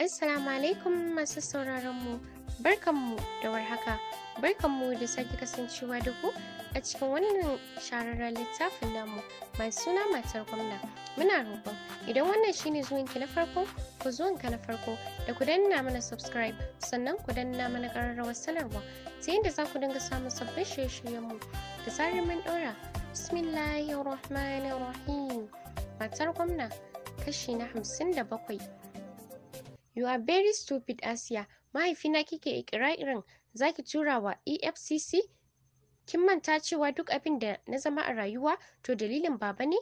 Assalamu alaikum masu sauraronmu, barkanmu da warhaka, barkanmu da sake kasancewa da ku a cikin wannan shahararren littafin namu mai suna matar gwamna. Muna roƙon idan wannan shine zuwanki na farko, ku zuwanka na farko da ku danna mana subscribe sannan ku danna mana ƙararrawar sanarwa sai yadda za ku dinga samun sabbin shirye-shiryenmu da zarar mun ɗora. Bismillahirrahmanirrahim. Matar gwamna kashi na hamsin da bakwai. You are very stupid, Asiya. Mahaifina kike ikirarin zaki tura wa EFCC? Kin manta cewa duk abin da na zama a rayuwa to dalilin baba ne?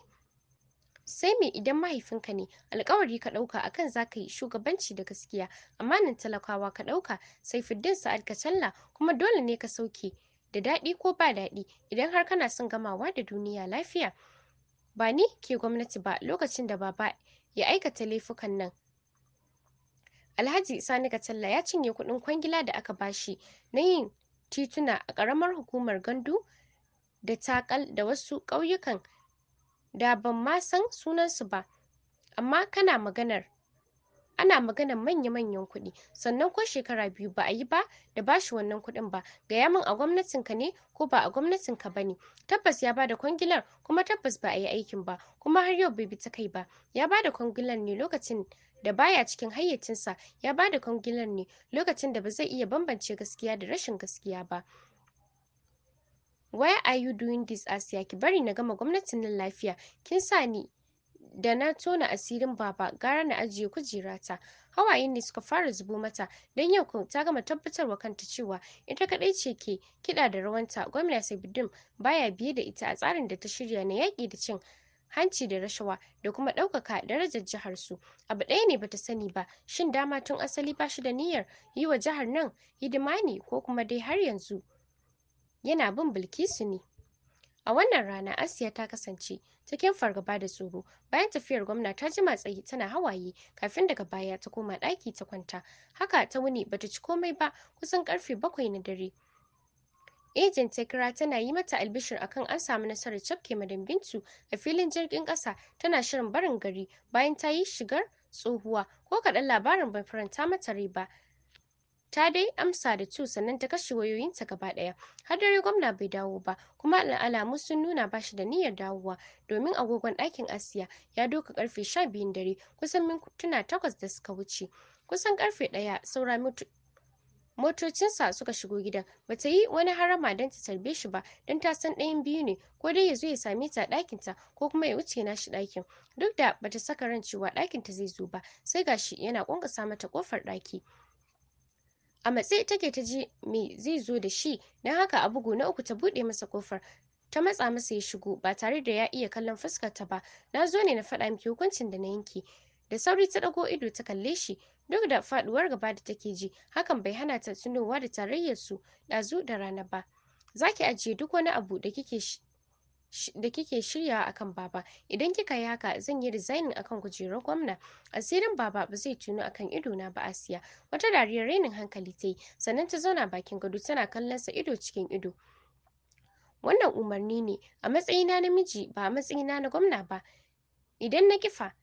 Sai me idan mahaifinka ne, alkawari ka ɗauka akan za ka yi shugabanci da gaskiya, amanan talakawa ka ɗauka, sai fiddin sa'ad ka challa kuma dole ne ka sauke. Da daɗi ko ba daɗi, idan har kana son gamawa da duniya lafiya. Ba ni ke gwamnati ba lokacin da baba ya aikata laifukan nan Alhaji Sani katalla ya cinye kuɗin kwangila da aka bashi na yin tituna a ƙaramar hukumar Gandu da Takal da wasu ƙauyukan da ban ma san sunansu ba, amma kana maganar ana maganan manya-manyan kuɗi sannan ko shekara biyu ba a yi ba da bashi wannan kuɗin ba gaya min a gwamnatin ka ne ko ba a gwamnatin ka ne tabbas ya bada kwangilar kuma tabbas ba a yi aikin ba kuma har yau bai bi ta kai ba ya bada kwangilar ne lokacin da baya cikin hayyacinsa ya bada kwangilar ne lokacin da ba zai iya bambance gaskiya da rashin gaskiya ba why are you doing this asiya ki bari na gama gwamnatin nan lafiya kin sa ni da na tona asirin baba gara na ajiye kujera ta hawaye ne suka fara zubo mata don yau ta gama tabbatarwa kanta cewa ita kadai ce ke kiɗa da rawanta gwamna sabidin baya biye da ita a tsarin da ta shirya na yaƙi da cin hanci da rashawa da kuma ɗaukaka darajar jihar su abu ɗaya ne bata sani ba shin dama tun asali ba shi da niyyar yi wa jihar nan hidima ne ko kuma dai har yanzu yana bin bilkisu ne a wannan rana asiya ta kasance cikin fargaba da tsoro bayan tafiyar gwamna ta jima tsaye tana hawaye kafin daga baya ta koma ɗaki ta kwanta haka ta wuni bata ci komai ba kusan karfe bakwai na dare Agent ta kira tana yi mata albishir akan an samu nasarar cafke madambinsu Bintu a filin jirgin ƙasa tana shirin barin gari bayan ta yi shigar tsohuwa ko kaɗan labarin bai faranta mata rai ba ta dai amsa da cu sannan ta kashe wayoyinta gaba ɗaya har dare gwamna bai dawo ba kuma alamu sun nuna ba shi da niyyar dawowa domin agogon ɗakin asiya ya doka karfe sha biyun dare kusan mintuna takwas da suka wuce kusan karfe ɗaya saura motocinsa suka shigo gidan bata yi wani harama don ta tarbe shi ba don ta san ɗayan biyu ne ko dai ya zo ya same ta ɗakinta ko kuma ya wuce nashi ɗakin duk da bata saka ran cewa ɗakinta zai zo ba sai gashi yana ƙwanƙwasa mata ƙofar ɗaki a matse take ta ji me zai zo da shi don haka a bugu na uku ta buɗe masa kofar ta matsa masa ya shigo ba tare da ya iya kallon fuskar ta ba na zo ne na faɗa miki hukuncin da na yanke da sauri ta ɗago ido ta kalle shi duk da faɗuwar gaba da take ji hakan bai hana ta tunowa da tarayyar su ɗazu da rana ba zaki ajiye duk wani abu da kike da kike shiryawa akan baba idan kika yi haka zan yi resigning akan kujerar gwamna asirin baba ba zai tunu akan ido na ba a siya wata dariyar rainin hankali ta yi sannan ta zauna bakin gado tana kallon sa ido cikin ido wannan umarni ne a matsayina na miji ba a matsayina na gwamna ba idan na kifa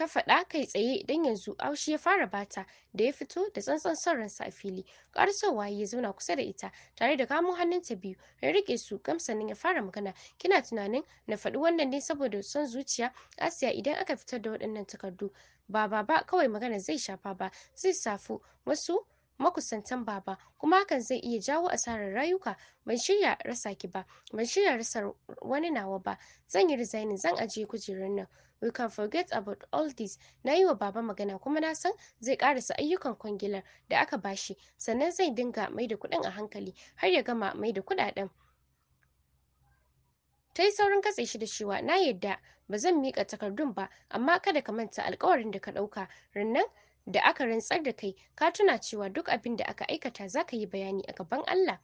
ta faɗa kai tsaye idan yanzu haushi ya fara bata da ya fito da tsantsan son ransa a fili waye ya zauna kusa da ita tare da kamo ta biyu ya rike su gamsanin ya fara magana kina tunanin na faɗi wannan ne saboda son zuciya asiya idan aka fitar da waɗannan takardu ba baba kawai magana zai shafa ba zai safu wasu makusantan baba kuma hakan zai iya jawo asarar rayuka ban shirya rasa ki ba ban shirya rasa wani nawa ba zan yi resigning zan ajiye kujerar nan we can forget about all this na yi wa baba magana kuma na san zai karasa ayyukan kwangilar da aka bashi sannan zai dinga mai da kuɗin a hankali har ya gama mai da kuɗaɗen ta yi saurin katse shi da cewa na yadda ba zan miƙa takardun ba amma kada ka manta alkawarin da ka ɗauka rannan da aka rantsar da kai ka tuna cewa duk abin da aka aikata za ka yi bayani a gaban Allah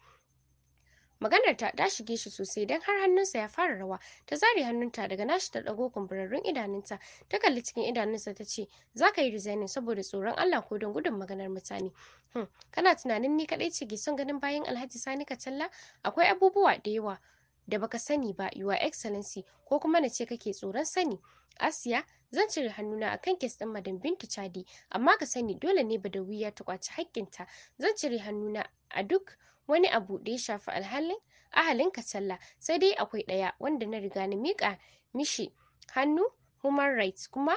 maganar ta ta shige shi sosai don har hannunsa ya fara rawa ta zare hannunta daga nashi ta ɗago kumburarrun idanunta ta kalli cikin idanunsa ta ce za ka yi resigning saboda tsoron Allah ko don gudun maganar mutane hmm. kana tunanin ni kaɗai ce ke son ganin bayan alhaji sani kacalla akwai abubuwa da yawa da baka sani ba Your Excellency ko kuma na ce kake tsoron sani. Asiya, zan cire hannuna akan kes ɗin Madam Bintu Chadi, amma ka sani dole ne wuya ta kwaci haƙƙinta. Zan cire hannuna a duk wani abu da ya shafi alhalin ahalin kacalla sai dai akwai ɗaya wanda na riga na miƙa mishi hannu human rights kuma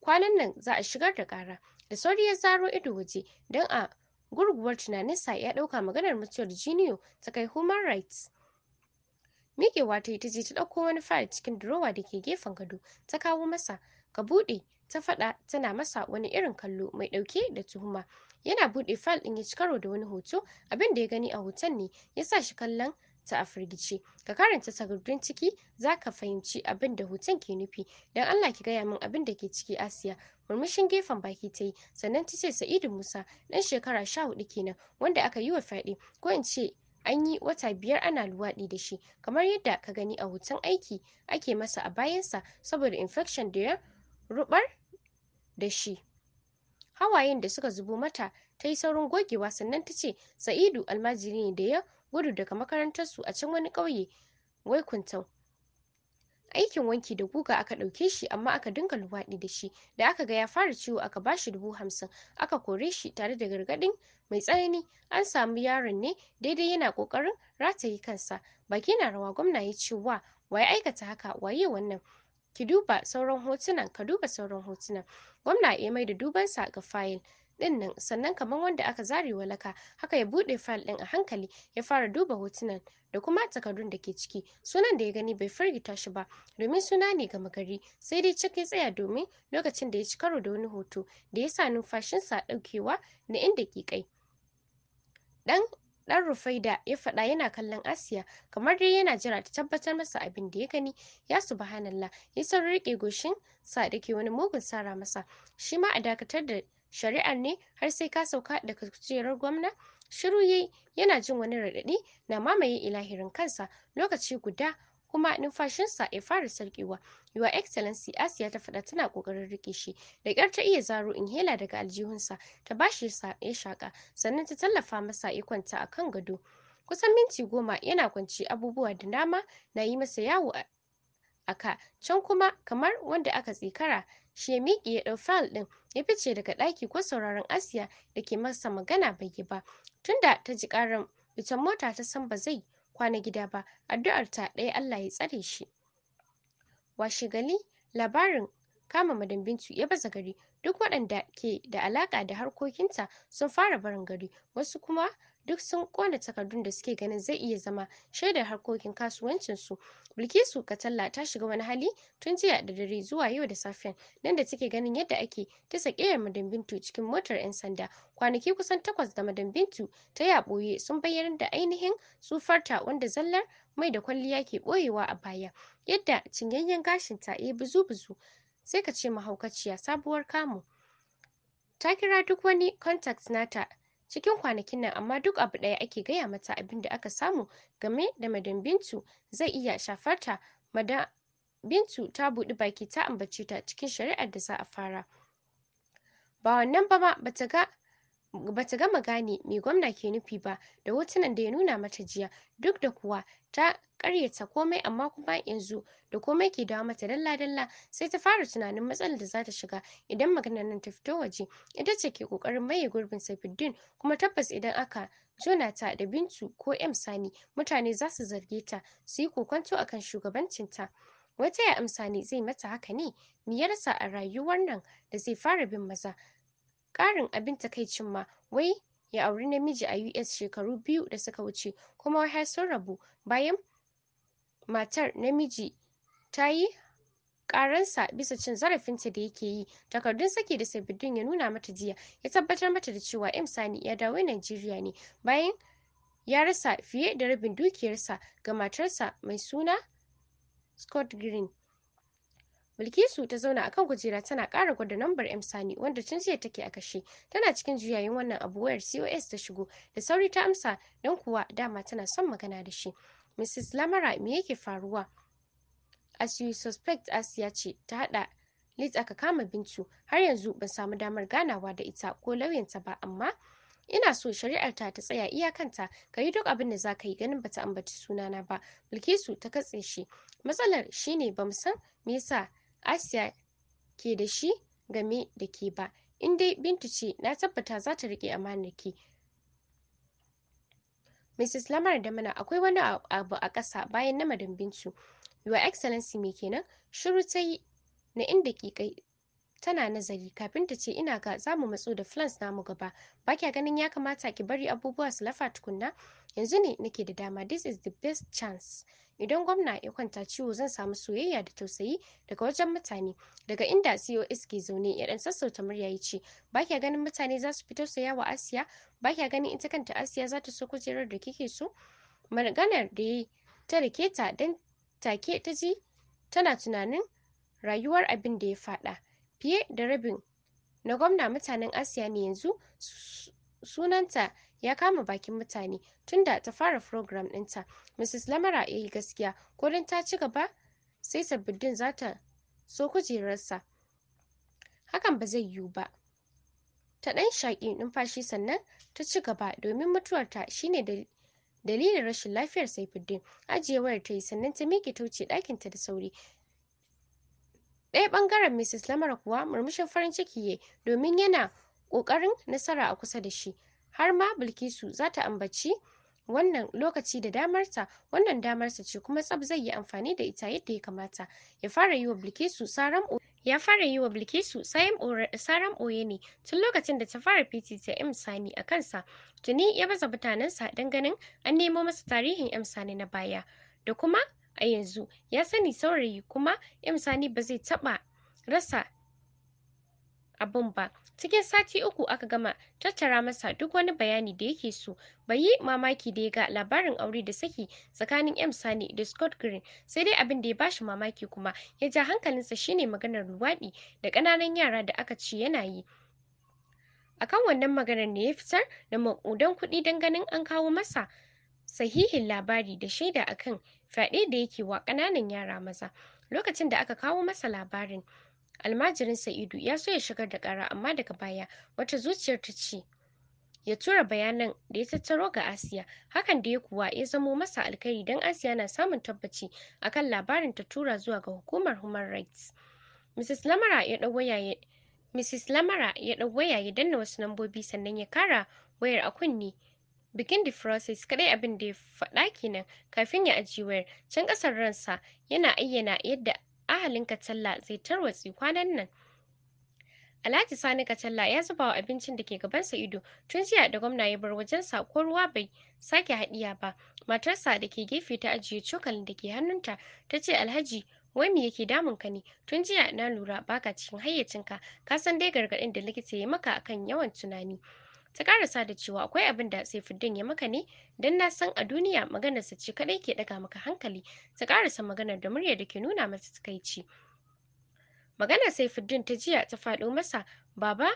kwanan nan za a shigar da ƙara. Da sauri ya zaro ido waje don a gurguwar tunanin tunaninsa ya ɗauka maganar mutuwar Jiniyo ta kai human rights. Miƙewa ta yi ta je ta ɗauko wani fayil cikin durowa da ke gefen gado ta kawo masa. Ka buɗe, ta faɗa tana masa wani irin kallo mai ɗauke da tuhuma. Yana buɗe fayil ɗin ya ci karo da wani hoto, abin da ya gani a hoton ne ya sa shi kallon ta a firgice. Ka karanta takardun ciki za ka fahimci abin da hoton ke nufi. Don Allah ki gaya min abin da ke ciki Asiya. Murmushin gefen baki ta yi, sannan ta ce Sa'idu Musa, ɗan shekara sha hudu kenan, wanda aka yi wa fyaɗe, ko in ce an yi wata biyar ana luwaɗi da shi kamar yadda ka gani a hoton aiki ake masa a bayansa saboda infection da ya rubar da shi hawayen da suka zubo mata ta yi saurin gogewa sannan ta ce sa'idu almajiri ne da ya gudu daga makarantarsu a can wani ƙauye wai aikin wanki da guga aka ɗauke shi amma aka dinga luwaɗi da shi da aka ga ya fara ciwo aka ba shi dubu hamsin aka kore shi tare da gargaɗin mai tsanani an samu yaron ne daidai yana ƙoƙarin rataye kansa baki na rawa gwamna ya ce wa ya aikata haka waye wannan ki duba sauran hotunan ka duba sauran hotunan gwamna ya mai da dubansa ga fayil din nan sannan kamar wanda aka zare walaka haka ya buɗe fayil ɗin a hankali ya fara duba hotunan da kuma takardun da ke ciki sunan da ya gani bai firgita shi ba domin suna ne gama gari sai dai ya tsaya domin lokacin da ya ci karo da wani hoto da ya sa numfashinsa ɗaukewa na inda ke kai dan Rufaida ya faɗa yana kallon Asiya kamar dai yana jira ta tabbatar masa abin da ya gani ya subhanallah ya san rike goshin sa da ke wani mugun sara masa shi ma a dakatar da shari'ar ne har sai ka sauka daga kujerar gwamna shiru yayi yana jin wani raɗaɗi na mamaye ilahirin kansa lokaci guda kuma numfashinsa ya fara sarkewa your excellency asiya ta faɗa tana ƙoƙarin riƙe shi da ƙyar ta iya zaro inhaler daga aljihunsa ta bashi ya shaƙa sannan ta tallafa masa ya kwanta akan gado kusan minti goma yana kwance abubuwa da dama na yi masa yawo aka can kuma kamar wanda aka tsikara shi ya miƙe ya ɗau fayil ɗin ya fice daga ɗaki ko sauraron asiya da ke masa magana bai yi ba tunda ta ji ƙaran fitan mota ta san ba zai kwana gida ba addu'ar ta ɗaya allah ya tsare shi washe gari labarin kama madan ya baza gari duk waɗanda ke da alaƙa da harkokinta sun fara barin gari wasu kuma duk sun kona takardun da suke ganin zai iya zama shaidar harkokin kasuwancin su bilkisu katalla ta shiga wani hali tun jiya da dare zuwa yau da safen nan da take ganin yadda ake ta sakiyar madan bintu cikin motar 'yan sanda kwanaki kusan takwas da madan bintu ta yi a ɓoye sun bayyanar da ainihin tsufarta wanda zallar mai da kwalliya ke ɓoyewa a baya yadda cinyayyen gashin ta, yi buzu-buzu sai ka ce mahaukaciya sabuwar kamu ta kira duk wani contact nata cikin kwanakin nan amma duk abu ɗaya ake gaya mata abin da aka samu game da madam bintu zai iya shafar ta, madam bintu ta buɗi baki ta ambace ta cikin shari'ar da za a fara ba wannan ba ma bata ga bata gama gane me gwamna ke nufi ba da hotunan da ya nuna mata jiya duk da kuwa ta karyata komai amma kuma yanzu da komai ke dawo mata dalla dalla sai ta fara tunanin matsalar da zata shiga idan maganar nan ta fito waje ita ce ke kokarin maye gurbin Saifuddin kuma tabbas idan aka Jonata da Bintu ko M Sani mutane za su zarge ta su yi kokonto akan shugabancinta wata ya amsa ne zai mata haka ne me ya rasa a rayuwar nan da zai fara bin maza Ƙarin abin takaicin ma, wai ya auri namiji a US shekaru biyu da suka wuce kuma wai har sun rabu bayan matar namiji ta yi karansa bisa cin zarafinta da yake yi takardun saki da sababbin ya nuna mata jiya ya tabbatar mata da cewa M Sani ya dawo Najeriya ne bayan ya rasa fiye da rabin dukiyarsa ga matarsa mai suna Scott Green Bilkisu ta zauna akan kujera tana kara gwada nambar M Sani wanda tun jiya take a kashe. Tana cikin juyayin wannan abu wayar COS ta shigo da sauri ta amsa don kuwa dama tana son magana da shi. Mrs. Lamara me yake faruwa? As you suspect ya ce ta hada Liz aka kama Bintu har yanzu ban samu damar ganawa da ita ko lauyanta ba amma ina so shari'ar ta ta tsaya iyakanta ka yi duk abin da za ka yi ganin ba ta ambaci sunana ba bilkisu ta katse shi matsalar shine ba mu san me yasa Asiya ke da shi game da ke ba. In dai Bintu ce, na tabbata za ta riƙe amanar ki. Mrs. Lamar da mana akwai wani abu a ƙasa bayan na madam Bintu. Your Excellency me kenan? Shiru ta yi na inda ke kai. tana nazari kafin ta ce ina ga za mu matso da na namu gaba ba kya ganin ya kamata ki bari abubuwa su lafa tukunna yanzu ne nake da dama this is the best chance idan gwamna ya kwanta ciwo zan samu soyayya da tausayi daga wajen mutane daga inda cos e ke zaune ya dan sassauta murya ya ce ba kya ganin mutane za su fi tausaya wa asiya ba kya ganin ita kanta asiya za ta so kujerar da kike so maganar da ya ta rike ta don take ta ji tana tunanin rayuwar abin da ya faɗa fiye da rabin na gwamna mutanen Asiya ne yanzu sunanta ya kama bakin mutane tun da ta fara program ɗinta. Mrs. Lamara ya yi gaskiya, ko don ta ci gaba sai sabbin za ta so kujerarsa. Hakan ba zai yiwu ba. Ta ɗan shaƙi numfashi sannan ta ci gaba domin mutuwarta shine da dalilin rashin lafiyar Saifuddin. Ajiye wayar ta yi sannan ta miƙe ta wuce ɗakinta da sauri. ɗaya ɓangaren mrs lamar kuwa murmushin farin ciki ne domin yana ƙoƙarin nasara a kusa da shi har ma bilkisu za ta ambaci wannan lokaci da damarta wannan damarsa ce kuma tsab zai yi amfani da ita yadda ya kamata ya fara yi wa bilkisu saran ya ɓoye ne tun lokacin da ta fara fitita m sani a kansa tuni ya baza mutanensa don ganin an nemo masa tarihin m sani na baya da kuma a yanzu ya sani saurayi kuma M Sani ba zai taɓa rasa abun ba cikin sati uku aka gama tattara masa duk wani bayani da yake so bai yi mamaki da ya ga labarin aure da saki tsakanin M Sani da Scott Green sai dai abin da ya shi mamaki kuma ya ja hankalinsa shine maganar luwaɗi da ƙananan yara da aka ce yana yi akan wannan maganar ne ya fitar da maƙudan kuɗi don ganin an kawo masa sahihin labari da shaida akan fyaɗe da yake wa ƙananan yara maza lokacin da aka kawo masa labarin almajirin sa'idu ya so ya shigar da ƙara amma daga baya wata zuciyar ta ce ya tura bayanan da ya tattaro ga asiya hakan da ya kuwa ya zamo masa alkhairi don asiya na samun tabbaci akan labarin ta tura zuwa ga hukumar human rights mrs lamara ya ɗau waya Mrs. Lamara ya ɗau waya ya danna wasu lambobi sannan ya kara wayar a kunne bikin de process kadai abin da ya faɗa kenan kafin ya aji wayar can kasar ransa yana ayyana yadda ahalin Katalla zai tarwatsi kwanan nan Alhaji Sani Katalla ya zuba wa abincin da ke gabansa ido tun jiya da gwamna ya bar wajensa ko ruwa bai sake haɗiya ba. Matarsa da ke gefe ta ajiye cokalin da ke hannunta ta ce Alhaji wai me yake damun ka ne tun jiya na lura baka cikin hayyacinka ka san dai gargaɗin da likita ya maka akan yawan tunani. ta karasa da cewa akwai abin da saifuddin ya maka ne don na san a duniya maganar sa ce kadai ke daga maka hankali ta karasa maganar da murya da ke nuna masa takaici maganar saifuddin ta jiya ta faɗo masa baba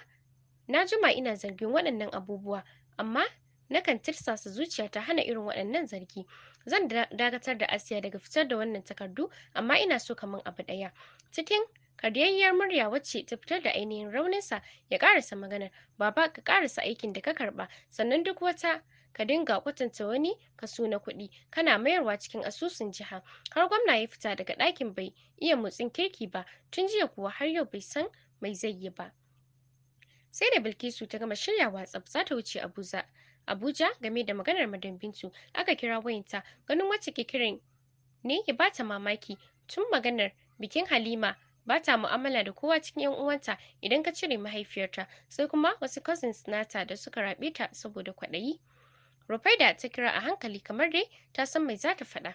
na jima ina zargin waɗannan abubuwa amma nakan tirsasa zuciya ta hana irin waɗannan zargi zan dakatar da asiya daga fitar da wannan takardu amma ina so kamar abu ɗaya cikin kadiyayyar murya wacce ta fitar da ainihin rauninsa ya karasa magana baba ka karasa aikin da ka karba sannan duk wata ka dinga kwatanta wani kaso na kuɗi kana mayarwa cikin asusun jiha har gwamna ya fita daga ɗakin bai iya motsin kirki ba tun jiya kuwa har yau bai san mai zai yi ba sai da bilkisu ta gama shirya tsaf za ta wuce abuja abuja game da maganar madan bintu aka kira wayanta ganin wacce ke kiran ne ya bata mamaki tun maganar bikin halima ba ta mu'amala da kowa cikin 'yan uwanta idan ka cire mahaifiyarta sai kuma wasu cousins nata da suka raɓe ta saboda kwaɗayi rufaida ta kira a hankali kamar dai ta san mai za ta faɗa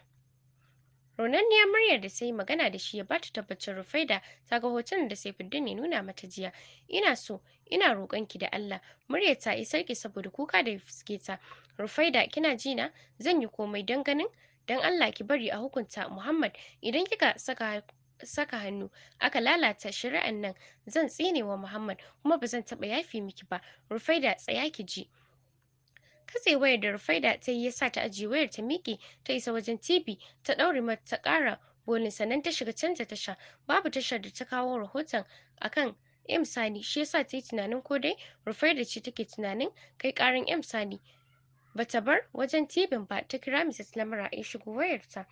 Ronanniya muryar da sai magana da shi ya ba ta tabbacin Rufaida ta ga hoton da Saifuddin ya nuna mata jiya. Ina so, ina roƙon ki da Allah, muryar ta isar saboda kuka da fuske ta. Rufaida kina jina? Zan yi komai don ganin Don Allah ki bari a hukunta Muhammad idan kika saka saka hannu aka lalata shari'an nan zan tsine wa Muhammad kuma ba zan taɓa yafi miki ba Rufaida tsaya ki ji katse wayar da Rufaida ta yi yasa ta ajiye wayar ta miƙe ta isa wajen TV ta ɗaure mata ta ƙara bolin sannan ta shiga canza tasha babu tashar da ta kawo rahoton akan M Sani shi yasa ta yi tunanin ko dai Rufaida ce take tunanin kai ƙarin M Sani bata bar wajen tibin ba ta kira Mrs. Lamara ya shigo wayarta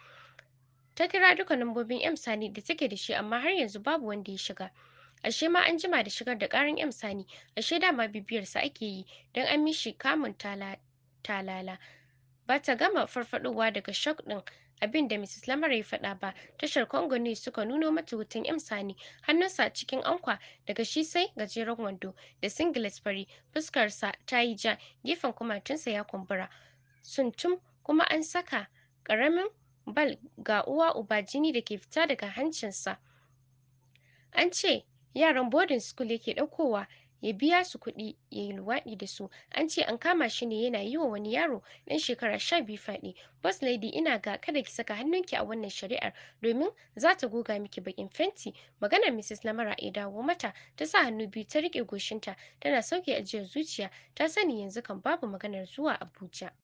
ta kira duka lambobin M Sani da take da shi amma har yanzu babu wanda ya shiga. Ashe ma an jima da shigar da ƙarin M Sani, ashe dama bibiyarsa ake yi don an mishi kamun talala. Ba ta gama farfadowa daga shock ɗin abin da Mrs. Lamar faɗa ba, tashar Congo ne suka nuno mata hoton M Sani, hannunsa cikin ankwa daga shi sai gajeren wando da singlet fari, fuskarsa ta yi ja, gefen kumatunsa ya kumbura. Suntum kuma an saka ƙaramin bal ga uwa uba jini da ke fita daga hancinsa an ce yaran boarding school yake ɗaukowa ya biya su kuɗi ya yi luwaɗi da su an ce an kama shi ne yana yi wa wani yaro ɗan shekara sha biyu faɗi boss lady ina ga kada ki saka hannunki a wannan shari'ar domin za ta goga miki bakin fenti maganar mrs lamara ya dawo mata ta sa hannu biyu ta riƙe goshinta tana sauke ajiyar zuciya ta sani yanzu kan babu maganar zuwa abuja